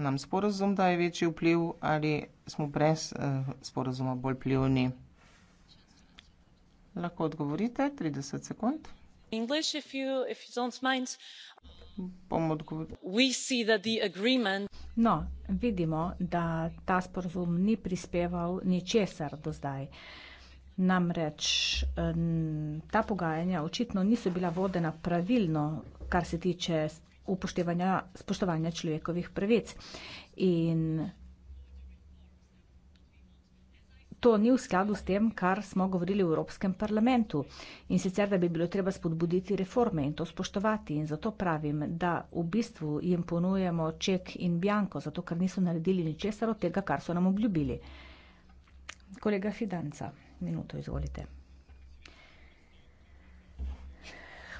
nam sporozum daje večji vpliv ali smo brez eh, sporozuma bolj vplivni. Lahko odgovorite, 30 sekund. English, if you, if you don't mind. No, vidimo, da ta sporozum ni prispeval ničesar do zdaj. Namreč ta pogajanja očitno niso bila vodena pravilno, kar se tiče upoštevanja spoštovanja človekovih pravic. In to ni v skladu s tem, kar smo govorili v Evropskem parlamentu. In sicer, da bi bilo treba spodbuditi reforme in to spoštovati. In zato pravim, da v bistvu jim ponujamo ček in bianko, zato ker niso naredili ničesar od tega, kar so nam obljubili. Kolega Fidanca, minuto izvolite.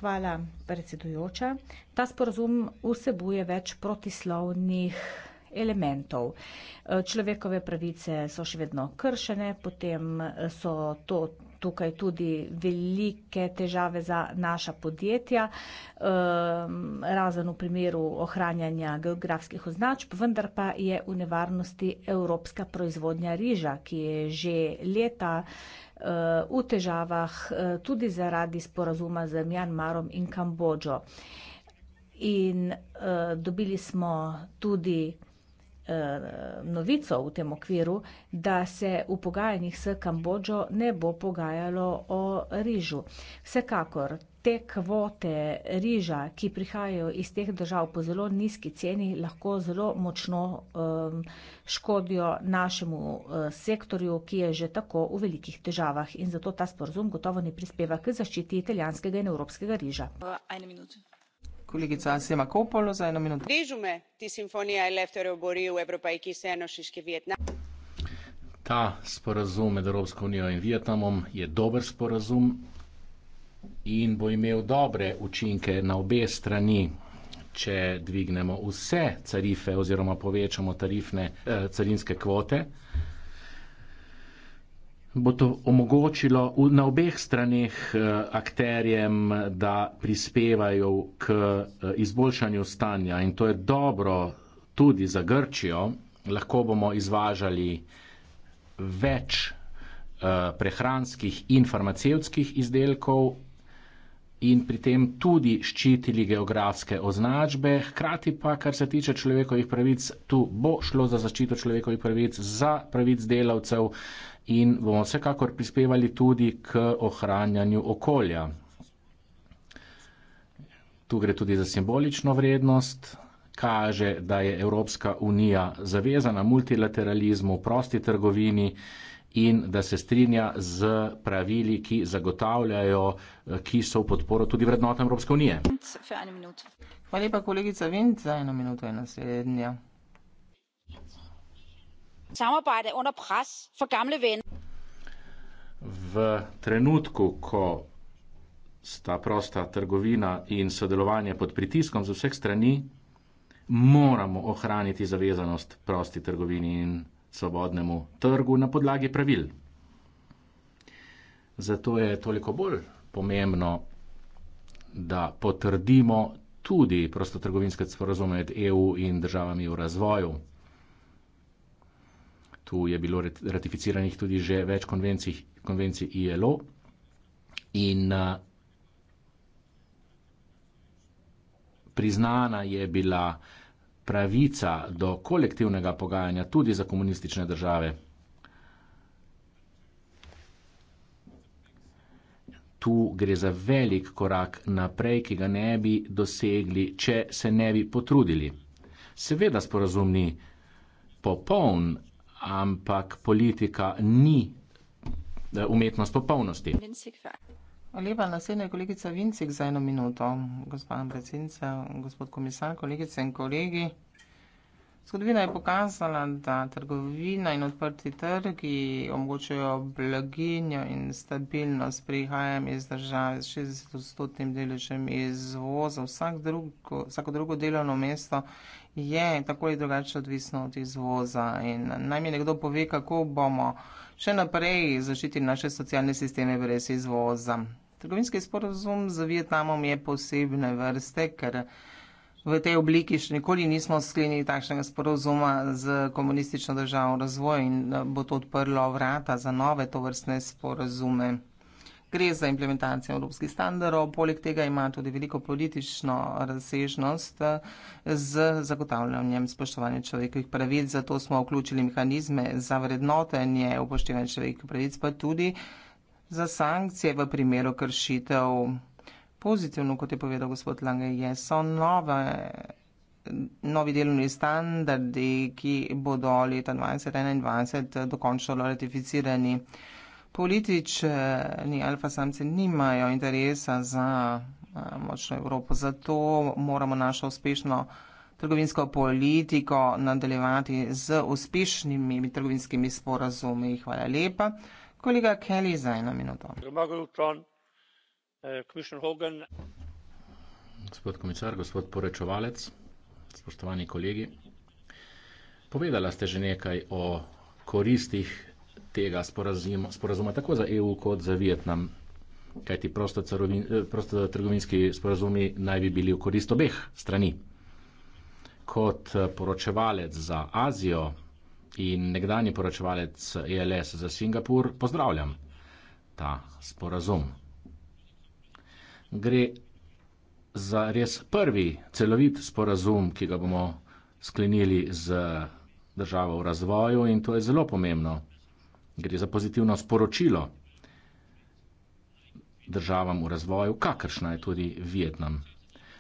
hvala, predsedujoča. Ta sporozum vsebuje več protislovnih elementov. Človekove pravice so še vedno kršene, potem so to tukaj tudi velike težave za naša podjetja, ehm, razen v primeru ohranjanja geografskih označb, vendar pa je v nevarnosti evropska proizvodnja riža, ki je že leta v težavah eh, tudi zaradi sporazuma z Mjanmarom in Kambodžo. In eh, dobili smo tudi eh, novico v tem okviru, da se v pogajanjih s Kambodžo ne bo pogajalo o rižu. Vsekakor te kvote riža, ki prihajajo iz teh držav po zelo nizki ceni, lahko zelo močno um, škodijo našemu uh, sektorju, ki je že tako v velikih težavah. In zato ta sporozum gotovo ne prispeva k zaščiti italijanskega in evropskega riža. Kolegica Sema Kopolo za eno minuto. Režume, ti simfonija je lefter oboril Evropa, ki se eno šiški Vietnam. Ta sporazum med Evropsko unijo in Vietnamom je dober sporazum, in bo imel dobre učinke na obe strani, če dvignemo vse tarife oziroma povečamo tarifne eh, carinske kvote, bo to omogočilo v, na obeh stranih eh, akterjem, da prispevajo k eh, izboljšanju stanja in to je dobro tudi za Grčijo, lahko bomo izvažali več eh, prehranskih in farmacevskih izdelkov in pri tem tudi ščitili geografske označbe, hkrati pa, kar se tiče človekovih pravic, tu bo šlo za zaščito človekovih pravic, za pravic delavcev in bomo vsekakor prispevali tudi k ohranjanju okolja. Tu gre tudi za simbolično vrednost, kaže, da je Evropska unija zavezana multilateralizmu, prosti trgovini, in da se strinja z pravili, ki zagotavljajo, eh, ki so v podporo tudi vrednotam Evropske unije. Hvala lepa, kolegica Vint, za eno minuto in naslednja. V trenutku, ko sta prosta trgovina in sodelovanje pod pritiskom z vseh strani, moramo ohraniti zavezanost prosti trgovini in sodelovanje svobodnemu trgu na podlagi pravil. Zato je toliko bolj pomembno, da potrdimo tudi prostotrgovinske sporozume med EU in državami v razvoju. Tu je bilo ratificiranih tudi že več konvencij, konvencij ILO in eh, priznana je bila pravica do kolektivnega pogajanja tudi za komunistične države. Tu gre za velik korak naprej, ki ga ne bi dosegli, če se ne bi potrudili. Seveda sporazum ni popoln, ampak politika ni eh, umetnost popolnosti. Lepa naslednja kolegica Vincik za eno minuto, gospod predsednica, gospod komisar, kolegice in kolegi. Zgodovina je pokazala, da trgovina in odprti trgi omogočajo blaginjo in stabilnost. Prihajam iz države s 60-stotnim deležem izvoza, vsak drug, vsako drugo delovno mesto je tako ali drugače odvisno od izvoza. In naj mi nekdo pove, kako bomo še naprej zaščitili naše socialne sisteme brez izvoza. Trgovinski sporozum z Vietnamom je posebne vrste, ker v tej obliki še nikoli nismo sklenili takšnega sporozuma z komunistično državo razvoj in bo to odprlo vrata za nove tovrstne sporozume. Gre za implementacijo evropskih standardov, poleg tega ima tudi veliko politično razsežnost eh, z zagotavljanjem spoštovanja človekovih pravic, zato smo vključili mehanizme za vrednotenje upoštevanja človekovih pravic, pa tudi za sankcije v primeru kršitev. Pozitivno, kot je povedal gospod Lange, je, so nove, novi delovni standardi, ki bodo leta 2021 dokončno ratificirani. Politični alfa samci nimajo interesa za močno Evropo, zato moramo našo uspešno trgovinsko politiko nadaljevati z uspešnimi trgovinskimi sporazumi. Hvala lepa. Kolega Kelly, za eno minuto. Gospod komisar, gospod porečevalec, spoštovani kolegi. Povedala ste že nekaj o koristih tega sporazuma, sporazuma tako za EU kot za Vietnam, kajti prostotrgovinski eh, sporazumi naj bi bili v korist obeh strani. Kot eh, poročevalec za Azijo in nekdani poročevalec ELS za Singapur pozdravljam ta sporazum. Gre za res prvi celovit sporazum, ki ga bomo sklenili z državo v razvoju in to je zelo pomembno gre za pozitivno sporočilo državam v razvoju, kakršna je tudi Vietnam.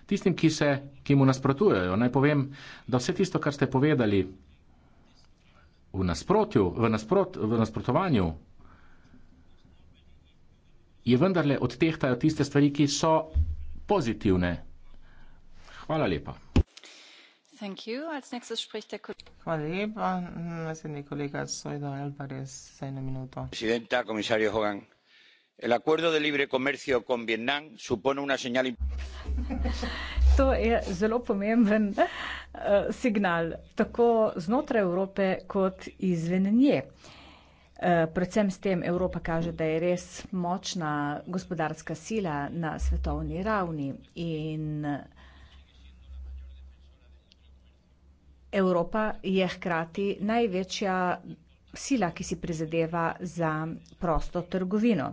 Tistim, ki, se, ki mu nasprotujejo, naj povem, da vse tisto, kar ste povedali v, nasprotju, v, nasprot, v nasprotovanju, je vendarle odtehtajo tiste stvari, ki so pozitivne. Hvala lepa señora presidenta comisario hogan el acuerdo de libre comercio con vietnam supone una señal importante. Eh, eh, predvsem s tem Evropa kaže, da je res močna gospodarska sila na svetovni ravni in Evropa je hkrati največja sila, ki si prizadeva za prosto trgovino.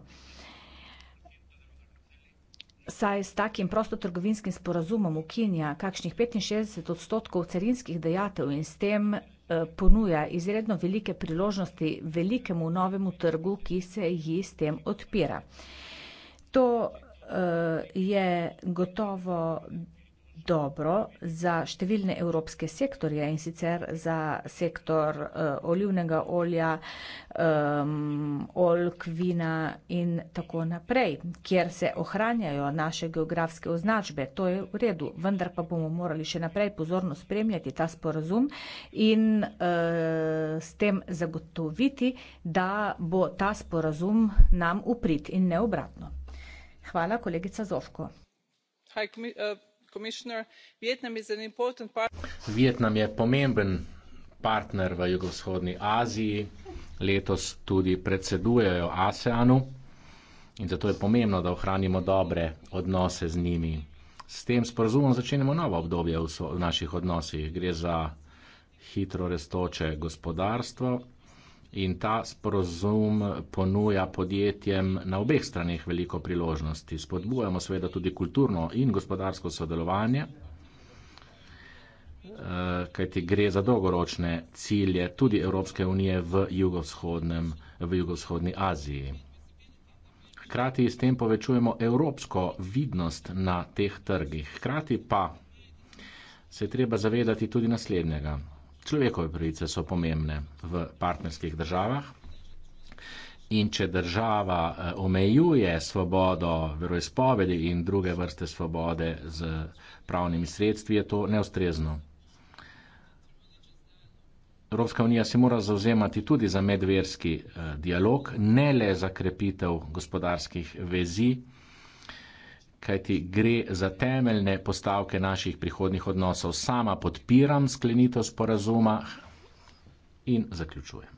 Saj s takim prostotrgovinskim sporazumom ukinja kakšnih 65 odstotkov carinskih dejatev in s tem eh, ponuja izredno velike priložnosti velikemu novemu trgu, ki se ji s tem odpira. To eh, je gotovo dobro za številne evropske sektorje in sicer za sektor uh, olivnega olja, um, oljk, vina in tako naprej, kjer se ohranjajo naše geografske označbe. To je v redu, vendar pa bomo morali še naprej pozorno spremljati ta sporazum in uh, s tem zagotoviti, da bo ta sporazum nam uprit in ne obratno. Hvala, kolegica Zovko. Hi, eh, Vietnam je pomemben partner v jugovzhodni Aziji, letos tudi predsedujejo ASEANu in zato je pomembno, da ohranimo dobre odnose z njimi. S tem sporozumom začenjamo novo obdobje v, so, v naših odnosih. Gre za hitro restoče gospodarstvo, In ta sporozum ponuja podjetjem na obeh stranih veliko priložnosti. Spodbujamo seveda tudi kulturno in gospodarsko sodelovanje, eh, kajti gre za dolgoročne cilje tudi Evropske unije v, v jugovzhodni Aziji. Hkrati s tem povečujemo evropsko vidnost na teh trgih. Hkrati pa se je treba zavedati tudi naslednjega. Človekove pravice so pomembne v partnerskih državah. In če država eh, omejuje svobodo veroizpovedi in druge vrste svobode z pravnimi sredstvi, je to neustrezno. Evropska unija se mora zauzemati tudi za medverski eh, dialog, ne le za krepitev gospodarskih vezi kajti gre za temeljne postavke naših prihodnih odnosov. Sama podpiram sklenitev sporazuma in zaključujem.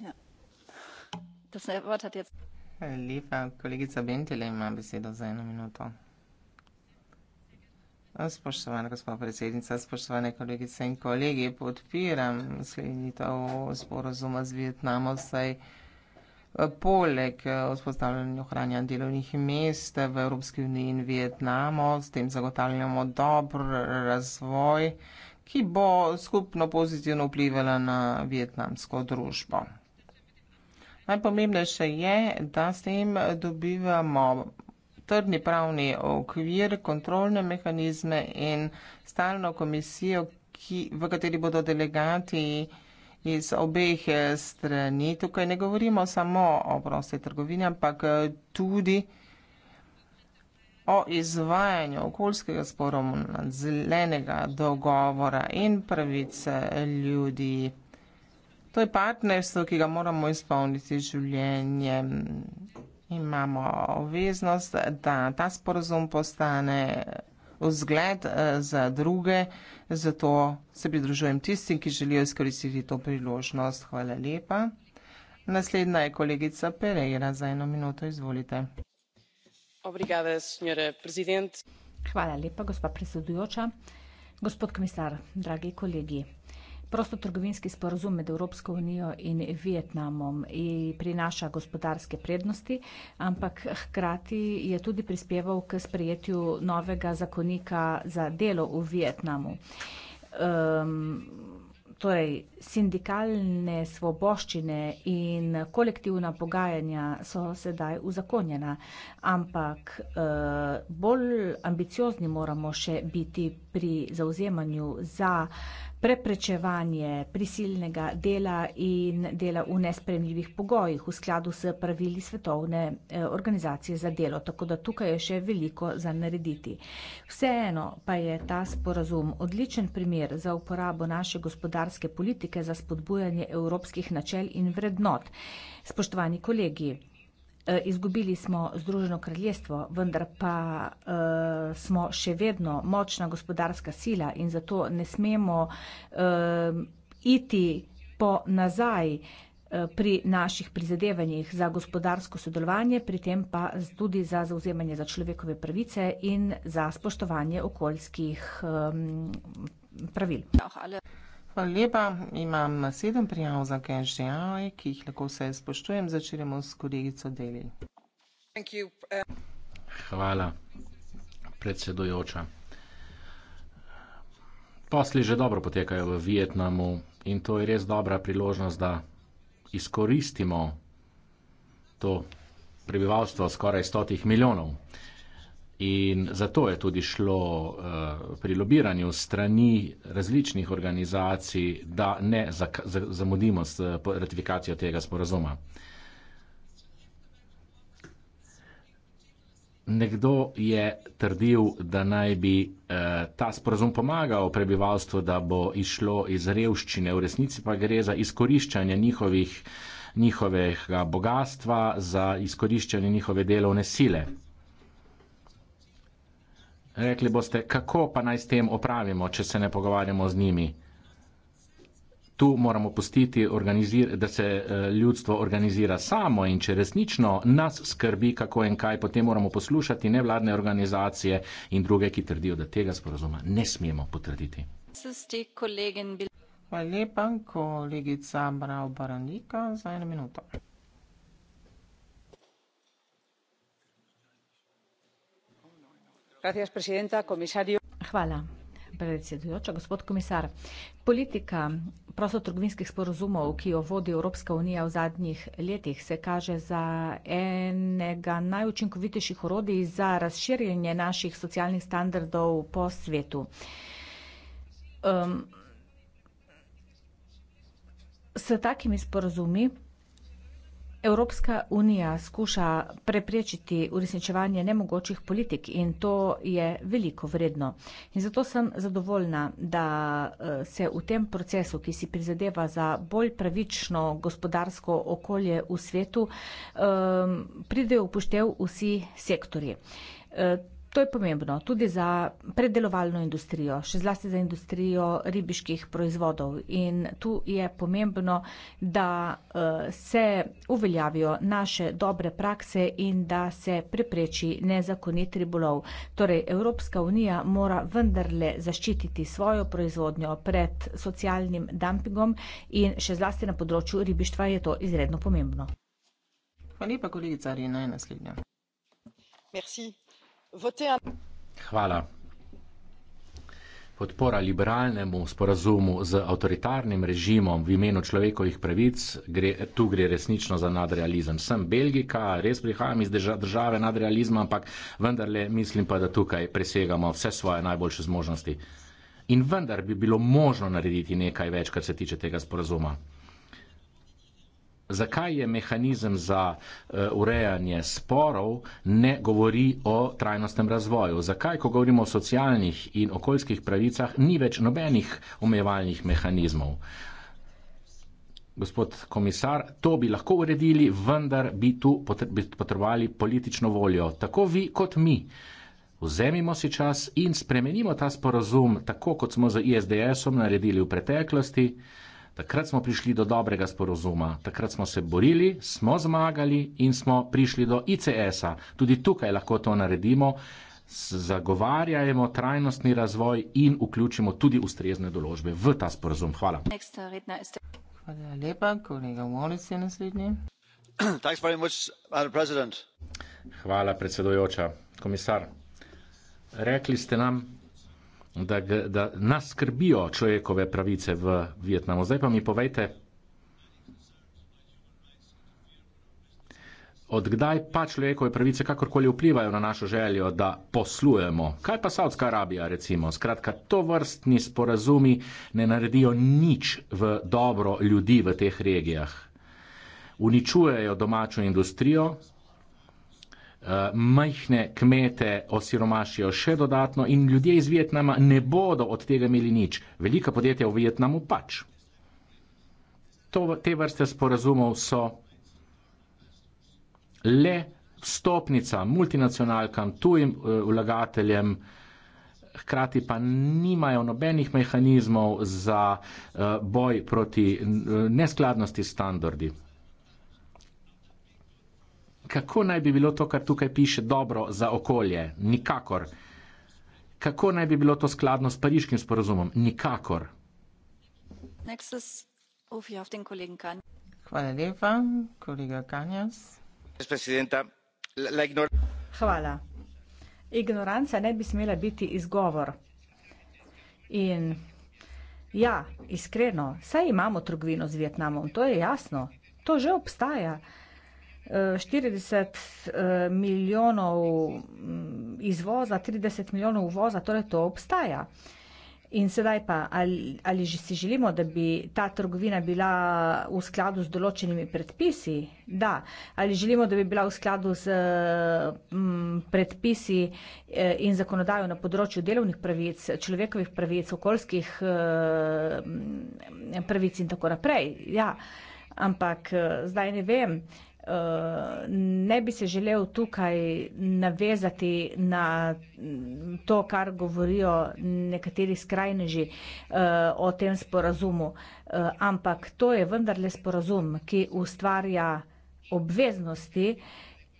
Ja. Hvala lepa, kolegica Bentele ima besedo za eno minuto. Spoštovana gospod predsednica, spoštovane kolegice in kolegi, podpiram sklenitev sporozuma z Vietnamom, saj eh, poleg eh, vzpostavljanja ohranjanja delovnih mest v Evropski uniji in Vietnamu, s tem zagotavljamo dobr razvoj, ki bo skupno pozitivno vplivala na vietnamsko družbo. Najpomembnejše je, da s tem dobivamo trdni pravni okvir, kontrolne mehanizme in stalno komisijo, ki, v kateri bodo delegati iz obeh eh, strani. Tukaj ne govorimo samo o prosti trgovini, ampak eh, tudi o izvajanju okoljskega sporoma, zelenega dogovora in pravice ljudi. To je partnerstvo, ki ga moramo izpolniti življenjem imamo obveznost, da ta sporozum postane vzgled eh, za druge, zato se pridružujem tistim, ki želijo izkoristiti to priložnost. Hvala lepa. Naslednja je kolegica Pereira, za eno minuto izvolite. Obrigada, Hvala lepa, gospa predsedujoča. Gospod komisar, dragi kolegi prostotrgovinski sporazum med Evropsko unijo in Vietnamom prinaša gospodarske prednosti, ampak hkrati je tudi prispeval k sprejetju novega zakonika za delo v Vietnamu. Um, torej, sindikalne svoboščine in kolektivna pogajanja so sedaj uzakonjena, ampak uh, bolj ambiciozni moramo še biti pri zauzemanju za uh, preprečevanje prisilnega dela in dela v nespremljivih pogojih v skladu s pravili Svetovne eh, organizacije za delo. Tako da tukaj je še veliko za narediti. Vseeno pa je ta sporazum odličen primer za uporabo naše gospodarske politike za spodbujanje evropskih načel in vrednot. Spoštovani kolegi, Eh, izgubili smo Združeno kraljestvo, vendar pa uh, smo še vedno močna gospodarska sila in zato ne smemo uh, iti po nazaj pri naših prizadevanjih za gospodarsko sodelovanje, pri tem pa tudi za zauzemanje za človekove pravice in za spoštovanje okoljskih um, pravil. Ja, Hvala lepa. Imam sedem prijav za cash JAOE, ki jih lahko vse spoštujem. Začnemo s kolegico Deli. Eh. Hvala, predsedujoča. Posli že dobro potekajo v Vietnamu in to je res dobra priložnost, da izkoristimo to prebivalstvo skoraj stotih milijonov. In zato je tudi šlo uh, pri lobiranju strani različnih organizacij, da ne zak, z, zamudimo s eh, ratifikacijo tega sporazuma. Nekdo je trdil, da naj bi eh, ta sporozum pomagal prebivalstvu, da bo išlo iz revščine, v resnici pa gre za izkoriščanje njihovih, njihovega bogatstva, za izkoriščanje njihove delovne sile. Rekli boste, kako pa naj s tem opravimo, če se ne pogovarjamo z njimi. Tu moramo pustiti, da se eh, ljudstvo organizira samo in če resnično nas skrbi, kako in kaj, potem moramo poslušati nevladne organizacije in druge, ki trdijo, da tega sporozuma ne smemo potrditi. Hvala lepa, kolegica Braubaranika, za eno minuto. Gospa predsednica, komisarju. Hvala, predsedujoča. Gospod komisar, politika prostotrgovinskih sporozumov, ki jo vodi Evropska unija v zadnjih letih, se kaže za enega najučinkovitejših orodij za razširjanje naših socialnih standardov po svetu. Um, s takimi sporozumi Evropska unija skuša preprečiti uresničevanje nemogočih politik in to je veliko vredno. In zato sem zadovoljna, da eh, se v tem procesu, ki si prizadeva za bolj pravično gospodarsko okolje v svetu, eh, pridejo upoštev vsi sektori. Eh, To je pomembno tudi za predelovalno industrijo, še zlasti za industrijo ribiških proizvodov. In tu je pomembno, da eh, se uveljavijo naše dobre prakse in da se prepreči nezakonit ribolov. Torej, Evropska unija mora vendarle zaščititi svojo proizvodnjo pred socialnim dumpingom in še zlasti na področju ribištva je to izredno pomembno. Hvala lepa, kolegica Arina, je naslednja. Merci. Hvala. Podpora liberalnemu sporazumu z avtoritarnim režimom v imenu človekovih pravic, gre, tu gre resnično za nadrealizem. Sem Belgika, res prihajam iz države nadrealizma, ampak vendarle mislim pa, da tukaj presegamo vse svoje najboljše zmožnosti. In vendar bi bilo možno narediti nekaj več, kar se tiče tega sporazuma zakaj je mehanizem za eh, urejanje sporov ne govori o trajnostnem razvoju. Zakaj, ko govorimo o socialnih in okoljskih pravicah, ni več nobenih omejevalnih mehanizmov. Gospod komisar, to bi lahko uredili, vendar bi tu potrebovali politično voljo. Tako vi kot mi. Vzemimo si čas in spremenimo ta sporozum tako, kot smo z ISDS-om naredili v preteklosti. Takrat smo prišli do dobrega sporozuma, takrat smo se borili, smo zmagali in smo prišli do ICS-a. Tudi tukaj lahko to naredimo, zagovarjajmo trajnostni razvoj in vključimo tudi ustrezne določbe v ta sporozum. Hvala. Uh, Hvala lepa, kolega Moric je naslednji. Much, Hvala predsedujoča. Komisar, rekli ste nam, da, da nas skrbijo človekove pravice v Vietnamu. Zdaj pa mi povejte, odkdaj pa človekove pravice kakorkoli vplivajo na našo željo, da poslujemo. Kaj pa Saudska Arabija, recimo? Skratka, to vrstni sporazumi ne naredijo nič v dobro ljudi v teh regijah. Uničujejo domačo industrijo, Eh, majhne kmete osiromašijo še dodatno in ljudje iz Vietnama ne bodo od tega imeli nič. Velika podjetja v Vietnamu pač. To, te vrste sporazumov so le stopnica multinacionalkam, tujim eh, vlagateljem, hkrati pa nimajo nobenih mehanizmov za eh, boj proti neskladnosti standardi kako naj bi bilo to, kar tukaj piše, dobro za okolje? Nikakor. Kako naj bi bilo to skladno s pariškim sporozumom? Nikakor. Ja, Hvala lepa, kolega Kanjas. Hvala. Ignoranca ne bi smela biti izgovor. In ja, iskreno, saj imamo trgovino z Vietnamom, to je jasno, to že obstaja. 40 eh, milijonov mm, izvoza, 30 milijonov uvoza, torej to obstaja. In sedaj pa, ali, ali že si želimo, da bi ta trgovina bila v skladu z določenimi predpisi? Da. Ali želimo, da bi bila v skladu z m, mm, predpisi eh, in zakonodajo na področju delovnih pravic, človekovih pravic, okoljskih eh, m, mm, pravic in tako naprej? Ja. Ampak zdaj ne vem ne bi se želel tukaj navezati na to, kar govorijo nekateri skrajneži eh, o tem sporazumu, eh, ampak to je vendarle sporazum, ki ustvarja obveznosti.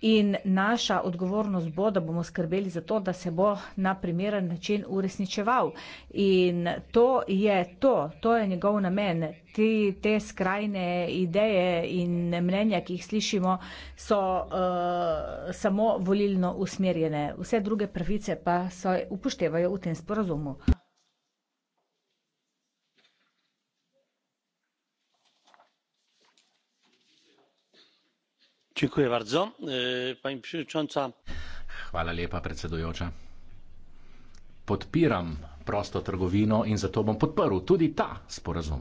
In naša odgovornost bo, da bomo skrbeli za to, da se bo na primeren način uresničeval. In to je to, to je njegov namen. Te, te skrajne ideje in mnenja, ki jih slišimo, so uh, samo volilno usmerjene. Vse druge pravice pa se upoštevajo v tem sporazumu. E, podpiram prosto trgovino in zato bom podprl tudi ta sporazum.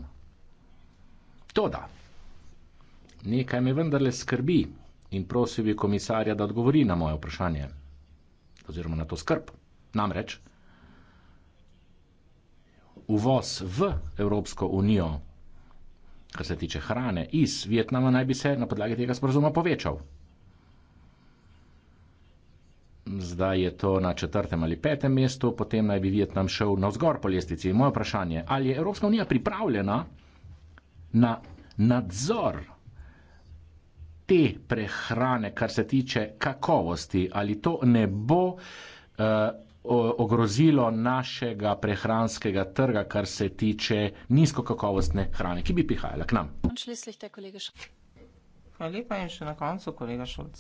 Toda, nekaj me vendarle skrbi in prosil bi komisarja, da odgovori na moje vprašanje oziroma na to skrb. Namreč, uvoz v Evropsko unijo kar se tiče hrane iz Vietnama, naj bi se na podlagi tega sporozuma povečal. Zdaj je to na četrtem ali petem mestu, potem naj bi Vietnam šel navzgor po lestici. Moje vprašanje je, ali je Evropska unija pripravljena na nadzor te prehrane, kar se tiče kakovosti, ali to ne bo. Uh, ogrozilo našega prehranskega trga, kar se tiče nizkokakovostne hrane, ki bi prihajala k nam. Hvala lepa in še na koncu, kolega Šulc.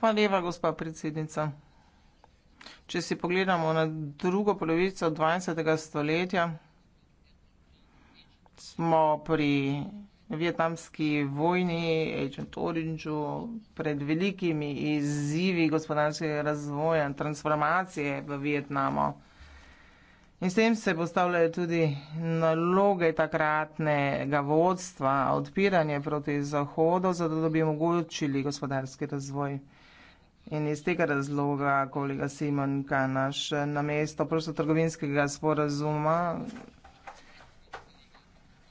Hvala lepa, gospa predsednica. Če si pogledamo na drugo polovico 20. stoletja, smo pri vietnamski vojni, Agent Orange, pred velikimi izzivi gospodarskega razvoja in transformacije v Vietnamu. In s tem se postavljajo tudi naloge takratnega vodstva, odpiranje proti Zahodu, zato da bi omogočili gospodarski razvoj. In iz tega razloga, kolega Simonka, naš namesto prostotrgovinskega sporazuma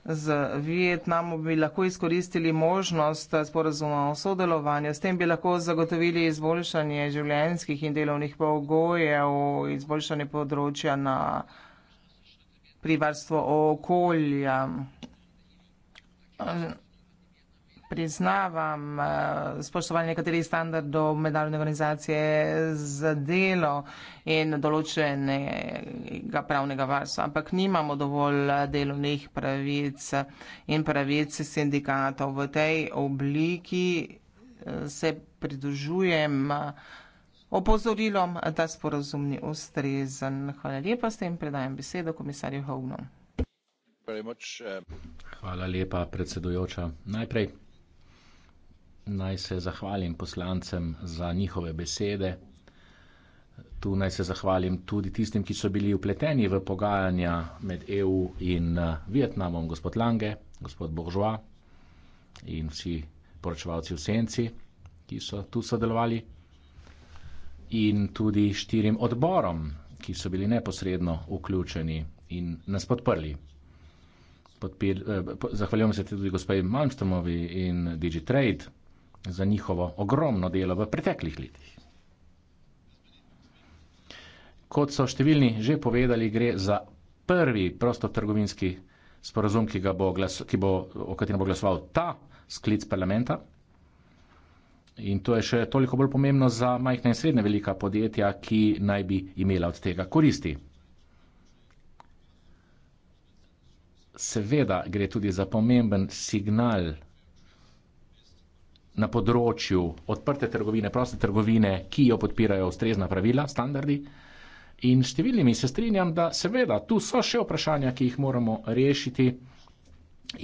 z Vietnamom bi lahko izkoristili možnost sporazuma o sodelovanju. S tem bi lahko zagotovili izboljšanje življenjskih in delovnih pogojev, izboljšanje področja na privarstvo okolja priznavam eh, spoštovanje nekaterih standardov mednarodne organizacije za delo in določenega pravnega varstva, ampak nimamo dovolj eh, delovnih pravic in pravic sindikatov. V tej obliki eh, se pridružujem opozorilom, da sporozum ni ustrezen. Hvala lepa s tem, predajam besedo komisarju Hovnu. Hvala lepa, predsedujoča. Najprej. Naj se zahvalim poslancem za njihove besede. Tu naj se zahvalim tudi tistim, ki so bili upleteni v pogajanja med EU in eh, Vietnamom, gospod Lange, gospod Bourgeois in vsi poročevalci v Senci, ki so tu sodelovali, in tudi štirim odborom, ki so bili neposredno vključeni in nas podprli. Podpir, eh, po, zahvaljujem se tudi gospodinu Malmstomovi in Digitrade za njihovo ogromno delo v preteklih letih. Kot so številni že povedali, gre za prvi prostotrgovinski sporazum, ki bo glas, ki bo, o katerem bo glasoval ta sklic parlamenta. In to je še toliko bolj pomembno za majhna in srednja velika podjetja, ki naj bi imela od tega koristi. Seveda gre tudi za pomemben signal na področju odprte trgovine, proste trgovine, ki jo podpirajo ustrezna pravila, standardi. In številnimi se strinjam, da seveda tu so še vprašanja, ki jih moramo rešiti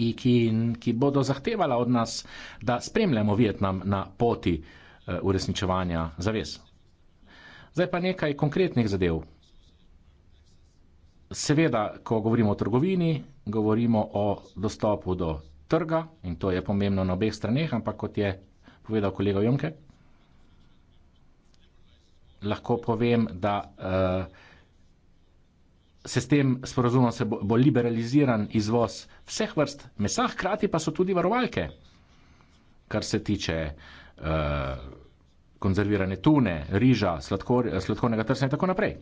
in ki, ki bodo zahtevala od nas, da spremljamo Vietnam na poti eh, uresničevanja zavez. Zdaj pa nekaj konkretnih zadev. Seveda, ko govorimo o trgovini, govorimo o dostopu do trga in to je pomembno na obeh straneh, ampak kot je povedal kolega Junke, lahko povem, da uh, se s tem sporozumom bo, bo liberaliziran izvoz vseh vrst mesa, hkrati pa so tudi varovalke, kar se tiče uh, konzervirane tune, riža, sladkor, sladkornega trsa in tako naprej.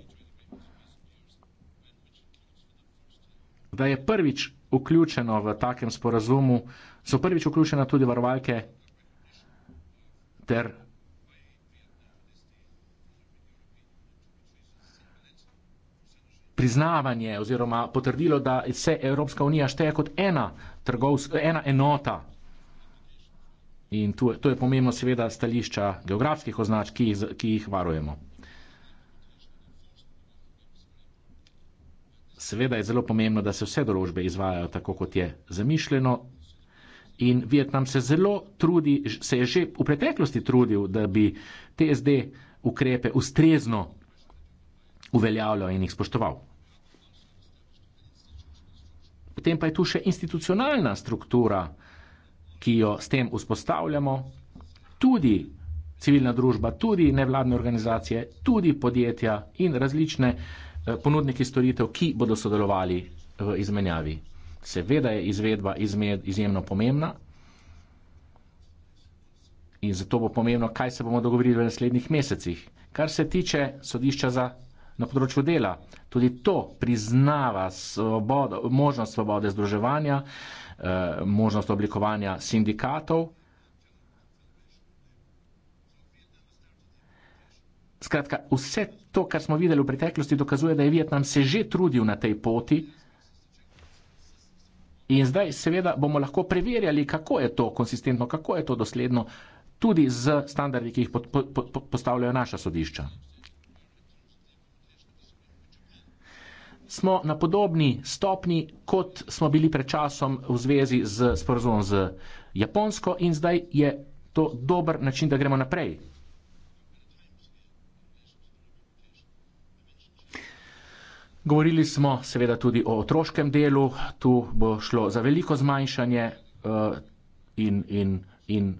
Da je prvič vključeno v takem sporazumu, so prvič vključene tudi varovalke ter priznavanje oziroma potrdilo, da se Evropska unija šteje kot ena, ena enota. In to je pomembno seveda stališča geografskih označ, ki jih, ki jih varujemo. Seveda je zelo pomembno, da se vse določbe izvajajo tako, kot je zamišljeno. In Vietnam se zelo trudi, se je že v preteklosti trudil, da bi te zdaj ukrepe ustrezno uveljavljal in jih spoštoval. Potem pa je tu še institucionalna struktura, ki jo s tem vzpostavljamo, tudi civilna družba, tudi nevladne organizacije, tudi podjetja in različne. Eh, ponudniki storitev, ki bodo sodelovali v izmenjavi. Seveda je izvedba izmed, izjemno pomembna in zato bo pomembno, kaj se bomo dogovorili v naslednjih mesecih. Kar se tiče sodišča za, na področju dela, tudi to priznava svobodo, možnost svobode združevanja, eh, možnost oblikovanja sindikatov. Skratka, vse to, kar smo videli v preteklosti, dokazuje, da je Vietnam se že trudil na tej poti. In zdaj seveda bomo lahko preverjali, kako je to konsistentno, kako je to dosledno, tudi z standardi, ki jih pod, pod, pod, pod, postavljajo naša sodišča. Smo na podobni stopni, kot smo bili pred časom v zvezi s sporozumom z Japonsko in zdaj je to dober način, da gremo naprej. Govorili smo seveda tudi o otroškem delu, tu bo šlo za veliko zmanjšanje uh, in, in, in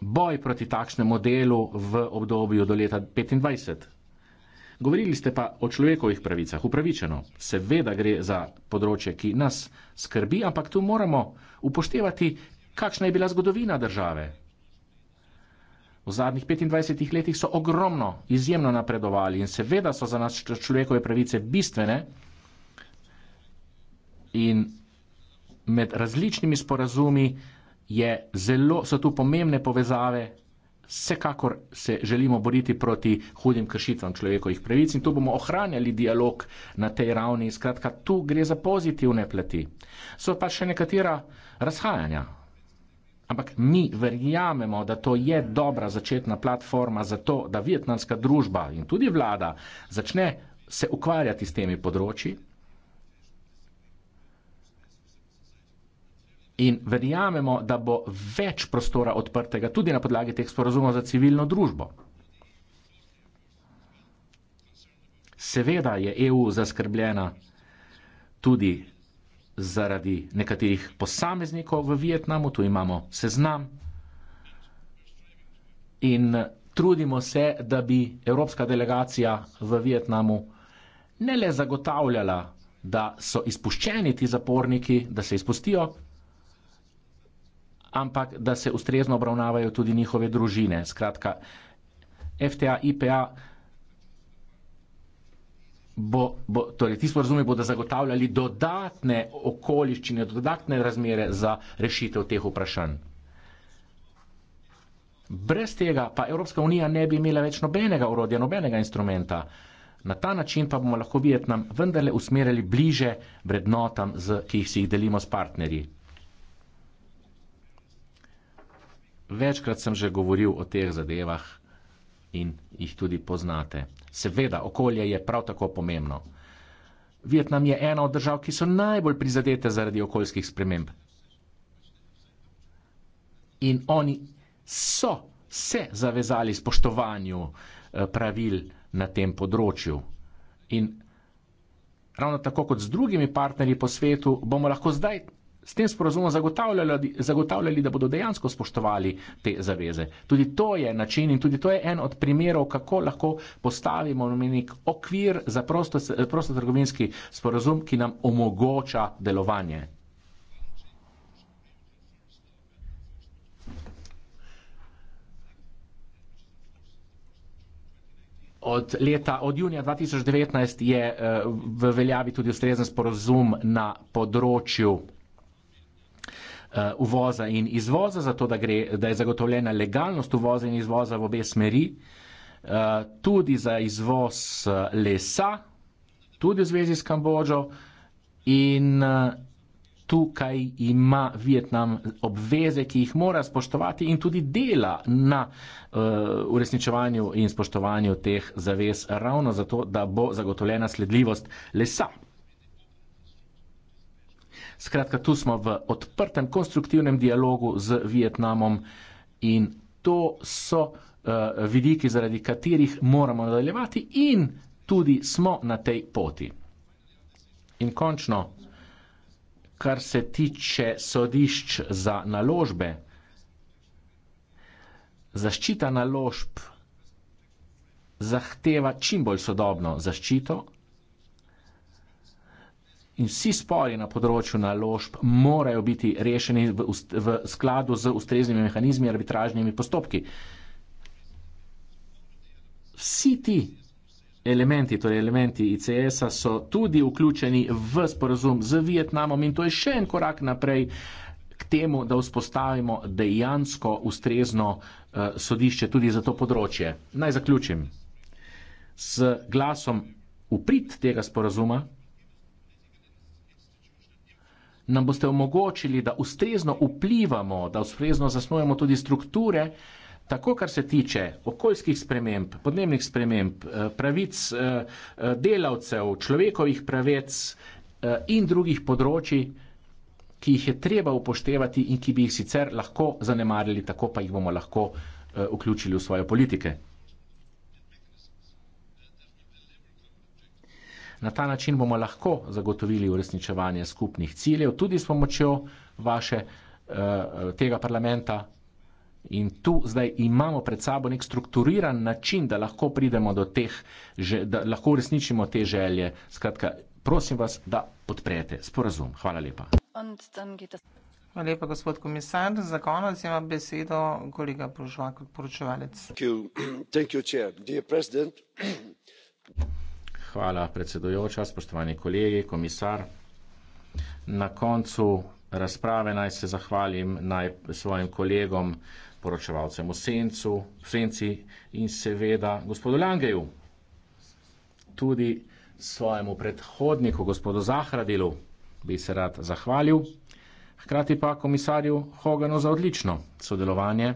boj proti takšnemu delu v obdobju do leta 2025. Govorili ste pa o človekovih pravicah, upravičeno. Seveda gre za področje, ki nas skrbi, ampak tu moramo upoštevati, kakšna je bila zgodovina države v zadnjih 25 letih so ogromno, izjemno napredovali in seveda so za nas človekove pravice bistvene. In med različnimi sporazumi zelo, so tu pomembne povezave, vsekakor se želimo boriti proti hudim kršitvam človekovih pravic in tu bomo ohranjali dialog na tej ravni. Skratka, tu gre za pozitivne plati. So pa še nekatera razhajanja. Ampak mi verjamemo, da to je dobra začetna platforma za to, da vietnamska družba in tudi vlada začne se ukvarjati s temi področji. In verjamemo, da bo več prostora odprtega tudi na podlagi teh sporozumov za civilno družbo. Seveda je EU zaskrbljena tudi zaradi nekaterih posameznikov v Vietnamu, tu imamo seznam. In trudimo se, da bi evropska delegacija v Vietnamu ne le zagotavljala, da so izpuščeni ti zaporniki, da se izpustijo, ampak da se ustrezno obravnavajo tudi njihove družine. Skratka, FTA, IPA bo, bo, torej ti sporozumi bodo zagotavljali dodatne okoliščine, dodatne razmere za rešitev teh vprašanj. Brez tega pa Evropska unija ne bi imela več nobenega urodja, nobenega instrumenta. Na ta način pa bomo lahko Vietnam vendarle usmerili bliže vrednotam, ki jih si jih delimo s partnerji. Večkrat sem že govoril o teh zadevah in jih tudi poznate. Seveda, okolje je prav tako pomembno. Vietnam je ena od držav, ki so najbolj prizadete zaradi okoljskih sprememb. In oni so se zavezali spoštovanju eh, pravil na tem področju. In ravno tako kot z drugimi partnerji po svetu, bomo lahko zdaj s tem sporozumom zagotavljali, zagotavljali, da bodo dejansko spoštovali te zaveze. Tudi to je način in tudi to je en od primerov, kako lahko postavimo nek okvir za prostotrgovinski prosto sporozum, ki nam omogoča delovanje. Od, leta, od junija 2019 je eh, v veljavi tudi ustrezen sporozum na področju Eh, uvoza in izvoza, zato da, gre, da je zagotovljena legalnost uvoza in izvoza v obe smeri, eh, tudi za izvoz eh, lesa, tudi v zvezi s Kambodžo in tukaj ima Vietnam obveze, ki jih mora spoštovati in tudi dela na uresničevanju in spoštovanju teh zavez ravno zato, da bo zagotovljena sledljivost lesa. Skratka, tu smo v odprtem, konstruktivnem dialogu z Vietnamom in to so uh, vidiki, zaradi katerih moramo nadaljevati in tudi smo na tej poti. In končno, kar se tiče sodišč za naložbe, zaščita naložb zahteva čim bolj sodobno zaščito in vsi spori na področju naložb morajo biti rešeni v, v skladu z ustreznimi mehanizmi in arbitražnimi postopki. Vsi ti elementi, torej elementi ICS-a, so tudi vključeni v sporozum z Vietnamom in to je še en korak naprej k temu, da vzpostavimo dejansko ustrezno uh, sodišče tudi za to področje. Naj zaključim. S glasom uprit tega sporozuma nam boste omogočili, da ustrezno vplivamo, da ustrezno zasnujemo tudi strukture, tako kar se tiče okoljskih sprememb, podnebnih sprememb, eh, pravic eh, eh, delavcev, človekovih pravic in drugih področji, ki jih je treba upoštevati in ki bi jih sicer lahko zanemarili, tako pa jih bomo lahko vključili v svoje politike. Na ta način bomo lahko zagotovili uresničevanje skupnih ciljev tudi s pomočjo vaše, eh, tega parlamenta. In tu zdaj imamo pred sabo nek strukturiran način, da lahko pridemo do teh, da lahko uresničimo te želje. Skratka, prosim vas, da podprete sporazum. Hvala lepa. Hvala lepa, gospod komisar. Za konec ima besedo kolega Pružva kot poročevalec. Thank you. Thank you, Hvala predsedujoča, spoštovani kolegi, komisar. Na koncu razprave naj se zahvalim naj svojim kolegom, poročevalcem v Sencu, Senci in seveda gospodu Langeju, tudi svojemu predhodniku, gospodu Zahradilu, bi se rad zahvalil. Hkrati pa komisarju Hoganu za odlično sodelovanje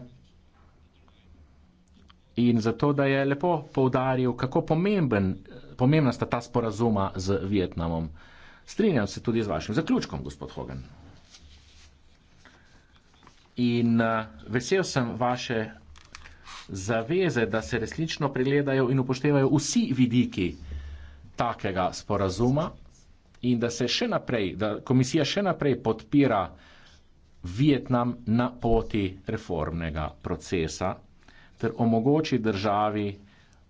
in za to, da je lepo poudaril, kako pomemben pomembna sta ta sporazuma z Vietnamom. Strinjam se tudi z vašim zaključkom, gospod Hogan. In uh, vesel sem vaše zaveze, da se resnično pregledajo in upoštevajo vsi vidiki takega sporazuma in da se še naprej, da komisija še naprej podpira Vietnam na poti reformnega procesa ter omogoči državi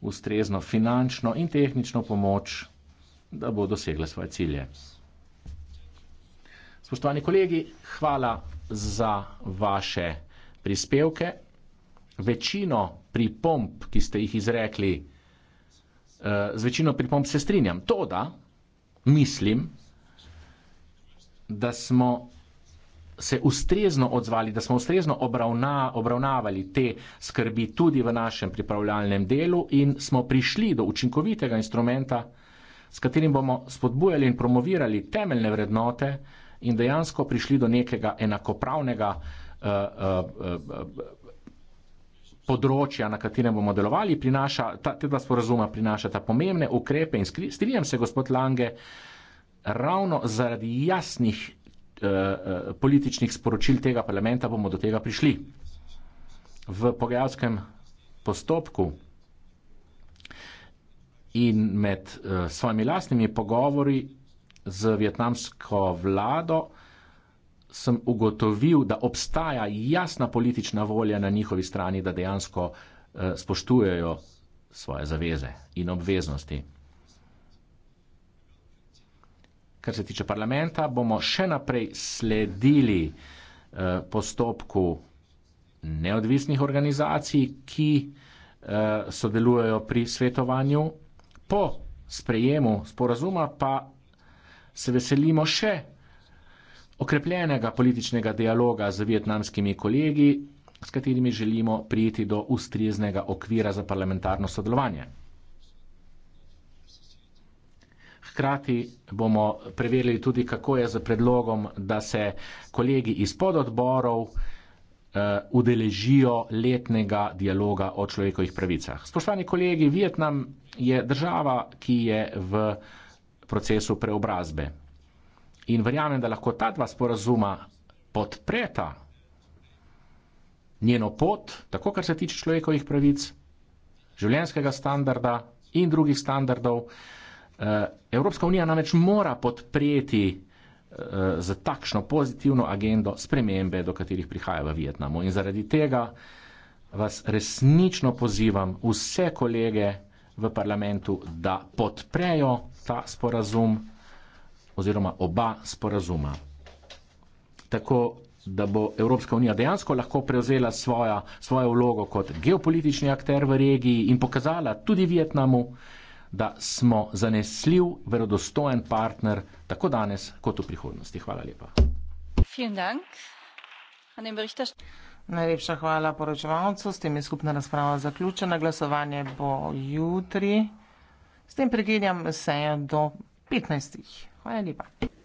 ustrezno finančno in tehnično pomoč, da bo dosegla svoje cilje. Spoštovani kolegi, hvala za vaše prispevke. Večino pripomp, ki ste jih izrekli, eh, z večino pripomp se strinjam. To, da mislim, da smo se ustrezno odzvali, da smo ustrezno obravna, obravnavali te skrbi tudi v našem pripravljalnem delu in smo prišli do učinkovitega instrumenta, s katerim bomo spodbujali in promovirali temeljne vrednote in dejansko prišli do nekega enakopravnega uh, uh, uh, področja, na katerem bomo delovali, prinaša, ta, te dva sporazuma prinašata pomembne ukrepe in strinjam se, gospod Lange, ravno zaradi jasnih Eh, eh, političnih sporočil tega parlamenta bomo do tega prišli. V pogajalskem postopku in med uh, svojimi lastnimi pogovori z vietnamsko vlado sem ugotovil, da obstaja jasna politična volja na njihovi strani, da dejansko uh, spoštujejo svoje zaveze in obveznosti. kar se tiče parlamenta, bomo še naprej sledili eh, postopku neodvisnih organizacij, ki eh, sodelujejo pri svetovanju. Po sprejemu sporazuma pa se veselimo še okrepljenega političnega dialoga z vietnamskimi kolegi, s katerimi želimo prijeti do ustreznega okvira za parlamentarno sodelovanje. Hkrati bomo preverili tudi, kako je z predlogom, da se kolegi iz pododborov eh, udeležijo letnega dialoga o človekovih pravicah. Spoštovani kolegi, Vietnam je država, ki je v procesu preobrazbe. In verjamem, da lahko ta dva sporazuma podpreta njeno pot, tako kar se tiče človekovih pravic, življenskega standarda in drugih standardov. Eh, Evropska unija namreč mora podpreti z eh, takšno pozitivno agendo spremembe, do katerih prihaja v Vietnamu. In zaradi tega vas resnično pozivam vse kolege v parlamentu, da podprejo ta sporazum oziroma oba sporazuma. Tako, da bo Evropska unija dejansko lahko prevzela svoja, svojo vlogo kot geopolitični akter v regiji in pokazala tudi Vietnamu, da smo zanesljiv, verodostojen partner tako danes kot v prihodnosti. Hvala lepa. Najlepša hvala poročevalcu, s tem je skupna razprava zaključena. Glasovanje bo jutri. S tem pregledam sejo do 15. Hvala lepa.